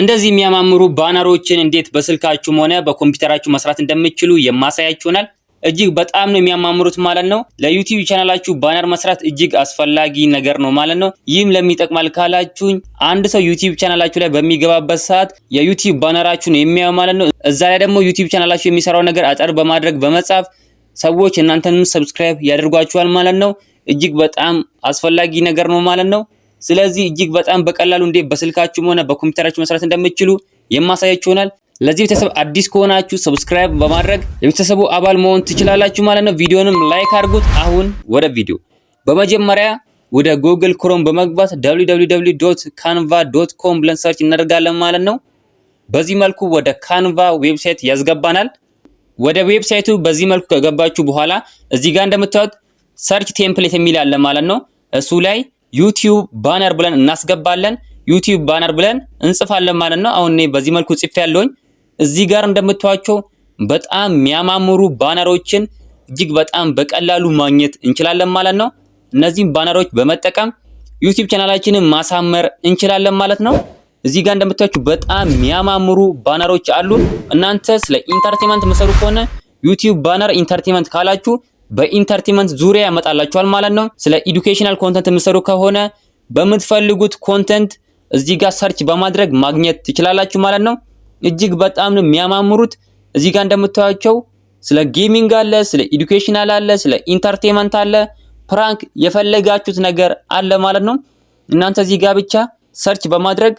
እንደዚህ የሚያማምሩ ባነሮችን እንዴት በስልካችሁም ሆነ በኮምፒውተራችሁ መስራት እንደምትችሉ የማሳያችሁ ይሆናል። እጅግ በጣም ነው የሚያማምሩት ማለት ነው። ለዩቲዩብ ቻናላችሁ ባነር መስራት እጅግ አስፈላጊ ነገር ነው ማለት ነው። ይህም ለሚጠቅማል ካላችሁኝ አንድ ሰው ዩቲዩብ ቻናላችሁ ላይ በሚገባበት ሰዓት የዩቲዩብ ባነራችሁን የሚያየው ማለት ነው። እዛ ላይ ደግሞ ዩቲዩብ ቻናላችሁ የሚሰራው ነገር አጠር በማድረግ በመጻፍ ሰዎች እናንተንም ሰብስክራይብ ያደርጓችኋል ማለት ነው። እጅግ በጣም አስፈላጊ ነገር ነው ማለት ነው። ስለዚህ እጅግ በጣም በቀላሉ እንዴት በስልካችሁም ሆነ በኮምፒውተራችሁ መስራት እንደምትችሉ የማሳያችሁ ይሆናል። ለዚህ ቤተሰብ አዲስ ከሆናችሁ ሰብስክራይብ በማድረግ የቤተሰቡ አባል መሆን ትችላላችሁ ማለት ነው። ቪዲዮንም ላይክ አድርጉት። አሁን ወደ ቪዲዮ በመጀመሪያ ወደ ጉግል ክሮም በመግባት www.canva.com ብለን ሰርች እናደርጋለን ማለት ነው። በዚህ መልኩ ወደ ካንቫ ዌብሳይት ያስገባናል። ወደ ዌብሳይቱ በዚህ መልኩ ከገባችሁ በኋላ እዚህ ጋር እንደምታዩት ሰርች ቴምፕሌት የሚል አለ ማለት ነው። እሱ ላይ ዩቲዩብ ባነር ብለን እናስገባለን። ዩቲዩብ ባነር ብለን እንጽፋለን ማለት ነው። አሁን እኔ በዚህ መልኩ ጽፌ ያለውኝ እዚህ ጋር እንደምታዩቸው በጣም የሚያማምሩ ባነሮችን እጅግ በጣም በቀላሉ ማግኘት እንችላለን ማለት ነው። እነዚህም ባነሮች በመጠቀም ዩቲዩብ ቻናላችንን ማሳመር እንችላለን ማለት ነው። እዚህ ጋር እንደምታዩቸው በጣም የሚያማምሩ ባነሮች አሉ። እናንተ ስለ ኢንተርቴንመንት መሰሩ ከሆነ ዩቲዩብ ባነር ኢንተርቴንመንት ካላችሁ በኢንተርቴንመንት ዙሪያ ያመጣላችኋል ማለት ነው። ስለ ኢዱኬሽናል ኮንተንት የምትሰሩ ከሆነ በምትፈልጉት ኮንተንት እዚህ ጋር ሰርች በማድረግ ማግኘት ትችላላችሁ ማለት ነው። እጅግ በጣም ነው የሚያማምሩት። እዚህ ጋር እንደምታዩቸው ስለ ጌሚንግ አለ፣ ስለ ኢዱኬሽናል አለ፣ ስለ ኢንተርቴንመንት አለ፣ ፕራንክ የፈለጋችሁት ነገር አለ ማለት ነው። እናንተ እዚህ ጋር ብቻ ሰርች በማድረግ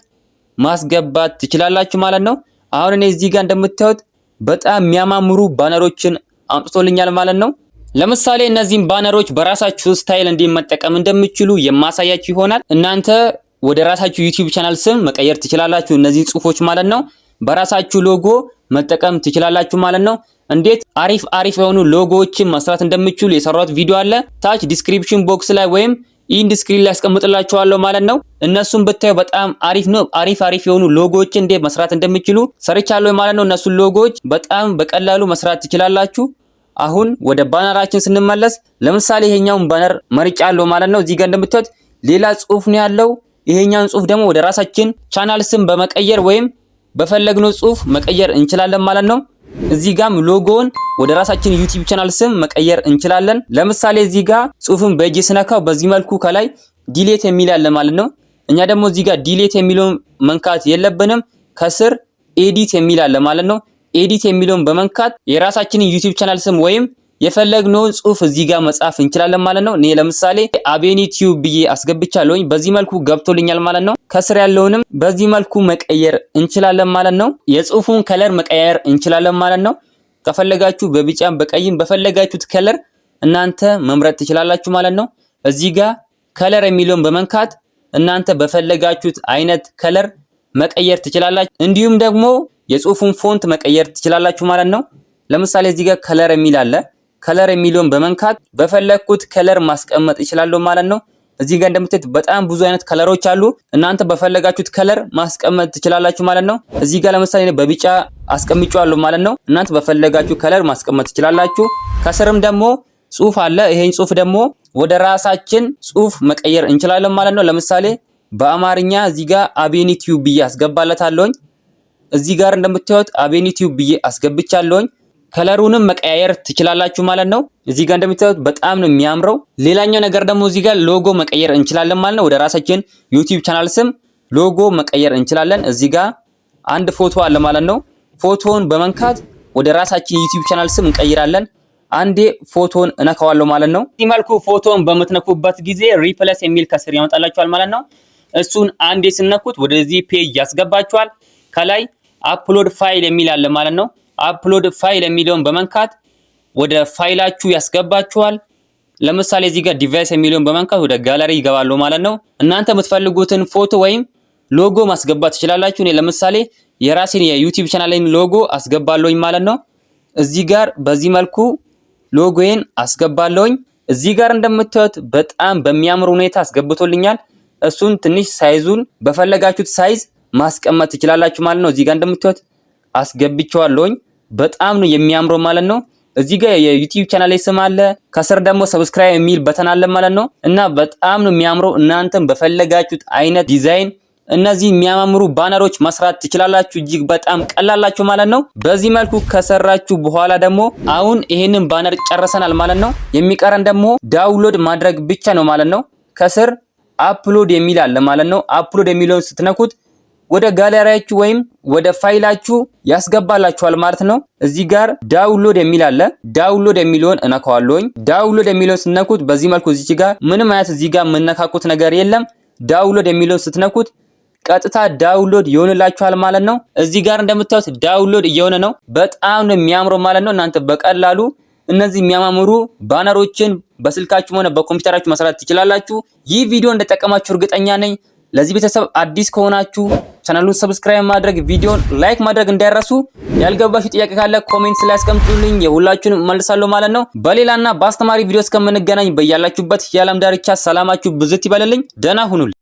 ማስገባት ትችላላችሁ ማለት ነው። አሁን እኔ እዚህ ጋር እንደምታዩት በጣም የሚያማምሩ ባነሮችን አምጥቶልኛል ማለት ነው። ለምሳሌ እነዚህን ባነሮች በራሳችሁ ስታይል እንዴት መጠቀም እንደምችሉ የማሳያችሁ ይሆናል። እናንተ ወደ ራሳችሁ ዩቲዩብ ቻናል ስም መቀየር ትችላላችሁ። እነዚህ ጽሁፎች ማለት ነው። በራሳችሁ ሎጎ መጠቀም ትችላላችሁ ማለት ነው። እንዴት አሪፍ አሪፍ የሆኑ ሎጎዎችን መስራት እንደምትችሉ የሰራሁት ቪዲዮ አለ። ታች ዲስክሪፕሽን ቦክስ ላይ ወይም ኢንዲስክሪን ላይ አስቀምጥላችኋለሁ ማለት ነው። እነሱን ብታዩ በጣም አሪፍ ነው። አሪፍ አሪፍ የሆኑ ሎጎዎችን እንዴት መስራት እንደምችሉ ሰርቻለሁ ማለት ነው። እነሱን ሎጎዎች በጣም በቀላሉ መስራት ትችላላችሁ። አሁን ወደ ባነራችን ስንመለስ ለምሳሌ ይሄኛውን ባነር መርጫ አለው ማለት ነው። እዚህ ጋር እንደምታዩት ሌላ ጽሁፍ ነው ያለው። ይሄኛውን ጽሁፍ ደግሞ ወደ ራሳችን ቻናል ስም በመቀየር ወይም በፈለግነው ጽሁፍ መቀየር እንችላለን ማለት ነው። እዚህ ጋም ሎጎውን ወደ ራሳችን ዩቲዩብ ቻናል ስም መቀየር እንችላለን። ለምሳሌ እዚህ ጋር ጽሁፍን በእጅ ስነካው በዚህ መልኩ ከላይ ዲሌት የሚል ያለ ማለት ነው። እኛ ደግሞ እዚህ ጋር ዲሌት የሚለውን መንካት የለብንም። ከስር ኤዲት የሚል አለ ማለት ነው። ኤዲት የሚለውን በመንካት የራሳችንን ዩቲዩብ ቻናል ስም ወይም የፈለግነውን ጽሁፍ እዚህ ጋር መጻፍ እንችላለን ማለት ነው። እኔ ለምሳሌ አቤኒ ቲዩብ ብዬ አስገብቻለሁኝ። በዚህ መልኩ ገብቶልኛል ማለት ነው። ከስር ያለውንም በዚህ መልኩ መቀየር እንችላለን ማለት ነው። የጽሁፉን ከለር መቀየር እንችላለን ማለት ነው። ከፈለጋችሁ በቢጫም በቀይም በፈለጋችሁት ከለር እናንተ መምረጥ ትችላላችሁ ማለት ነው። እዚህ ጋር ከለር የሚለውን በመንካት እናንተ በፈለጋችሁት አይነት ከለር መቀየር ትችላላችሁ። እንዲሁም ደግሞ የጽሁፉን ፎንት መቀየር ትችላላችሁ ማለት ነው። ለምሳሌ እዚህ ጋር ከለር የሚል አለ። ከለር የሚለውን በመንካት በፈለግኩት ከለር ማስቀመጥ እችላለሁ ማለት ነው። እዚህ ጋር እንደምታዩት በጣም ብዙ አይነት ከለሮች አሉ። እናንተ በፈለጋችሁት ከለር ማስቀመጥ ትችላላችሁ ማለት ነው። እዚህ ጋር ለምሳሌ በቢጫ አስቀምጫለሁ ማለት ነው። እናንተ በፈለጋችሁ ከለር ማስቀመጥ ትችላላችሁ። ከስርም ደግሞ ጽሁፍ አለ። ይሄን ጽሁፍ ደግሞ ወደ ራሳችን ጽሁፍ መቀየር እንችላለን ማለት ነው። ለምሳሌ በአማርኛ እዚህ ጋር አቤኒቲዩ ብዬ አስገባለታለሁኝ። እዚህ ጋር እንደምታዩት አቬኒ ብዬ አስገብቻለሁኝ። ከለሩንም መቀያየር ትችላላችሁ ማለት ነው። እዚህ ጋር እንደምታዩት በጣም ነው የሚያምረው። ሌላኛው ነገር ደግሞ እዚህ ጋር ሎጎ መቀየር እንችላለን ማለት ነው። ወደ ራሳችን ዩቲዩብ ቻናል ስም ሎጎ መቀየር እንችላለን። እዚህ ጋር አንድ ፎቶ አለ ማለት ነው። ፎቶውን በመንካት ወደ ራሳችን ዩቲዩብ ቻናል ስም እንቀይራለን። አንዴ ፎቶን እነካዋለሁ ማለት ነው። እዚህ መልኩ ፎቶን በምትነኩበት ጊዜ ሪፕለስ የሚል ከስር ያመጣላችኋል ማለት ነው። እሱን አንዴ ስነኩት ወደዚህ ፔጅ ያስገባችኋል። ከላይ አፕሎድ ፋይል የሚል አለ ማለት ነው። አፕሎድ ፋይል የሚለውን በመንካት ወደ ፋይላችሁ ያስገባችኋል። ለምሳሌ እዚህ ጋር ዲቫይስ የሚለውን በመንካት ወደ ጋለሪ ይገባሉ ማለት ነው። እናንተ የምትፈልጉትን ፎቶ ወይም ሎጎ ማስገባት ትችላላችሁ። እኔ ለምሳሌ የራሴን የዩቲዩብ ቻናሌን ሎጎ አስገባለሁኝ ማለት ነው። እዚህ ጋር በዚህ መልኩ ሎጎዬን አስገባለሁኝ። እዚህ ጋር እንደምታዩት በጣም በሚያምር ሁኔታ አስገብቶልኛል። እሱን ትንሽ ሳይዙን በፈለጋችሁት ሳይዝ ማስቀመጥ ትችላላችሁ ማለት ነው። እዚህ ጋር እንደምታዩት አስገብቼዋለሁኝ። በጣም ነው የሚያምረው ማለት ነው። እዚህ ጋር የዩቲዩብ ቻናል ስም አለ፣ ከስር ደግሞ ሰብስክራይብ የሚል በተን አለ ማለት ነው። እና በጣም ነው የሚያምረው። እናንተም በፈለጋችሁት አይነት ዲዛይን እነዚህ የሚያማምሩ ባነሮች መስራት ትችላላችሁ። እጅግ በጣም ቀላላችሁ ማለት ነው። በዚህ መልኩ ከሰራችሁ በኋላ ደግሞ አሁን ይሄንን ባነር ጨርሰናል ማለት ነው። የሚቀረን ደግሞ ዳውንሎድ ማድረግ ብቻ ነው ማለት ነው። ከስር አፕሎድ የሚል አለ ማለት ነው። አፕሎድ የሚለውን ስትነኩት ወደ ጋለሪያችሁ ወይም ወደ ፋይላችሁ ያስገባላችኋል ማለት ነው። እዚህ ጋር ዳውንሎድ የሚል አለ። ዳውንሎድ የሚለውን እነካዋለሁኝ። ዳውንሎድ የሚለውን ስትነኩት በዚህ መልኩ እዚች ጋር ምንም አይነት እዚህ ጋር የምነካኩት ነገር የለም። ዳውንሎድ የሚለውን ስትነኩት ቀጥታ ዳውንሎድ ይሆንላችኋል ማለት ነው። እዚህ ጋር እንደምታዩት ዳውንሎድ እየሆነ ነው። በጣም ነው የሚያምረው ማለት ነው። እናንተ በቀላሉ እነዚህ የሚያማምሩ ባነሮችን በስልካችሁም ሆነ በኮምፒውተራችሁ መስራት ትችላላችሁ። ይህ ቪዲዮ እንደጠቀማችሁ እርግጠኛ ነኝ። ለዚህ ቤተሰብ አዲስ ከሆናችሁ ቻናሉን ሰብስክራይብ ማድረግ፣ ቪዲዮን ላይክ ማድረግ እንዳይረሱ። ያልገባችሁ ጥያቄ ካለ ኮሜንት ላይ አስቀምጡልኝ፣ የሁላችሁንም መልሳለሁ ማለት ነው። በሌላና በአስተማሪ ቪዲዮ እስከምንገናኝ በያላችሁበት የዓለም ዳርቻ ሰላማችሁ ብዝት ይበልልኝ። ደህና ሁኑልኝ።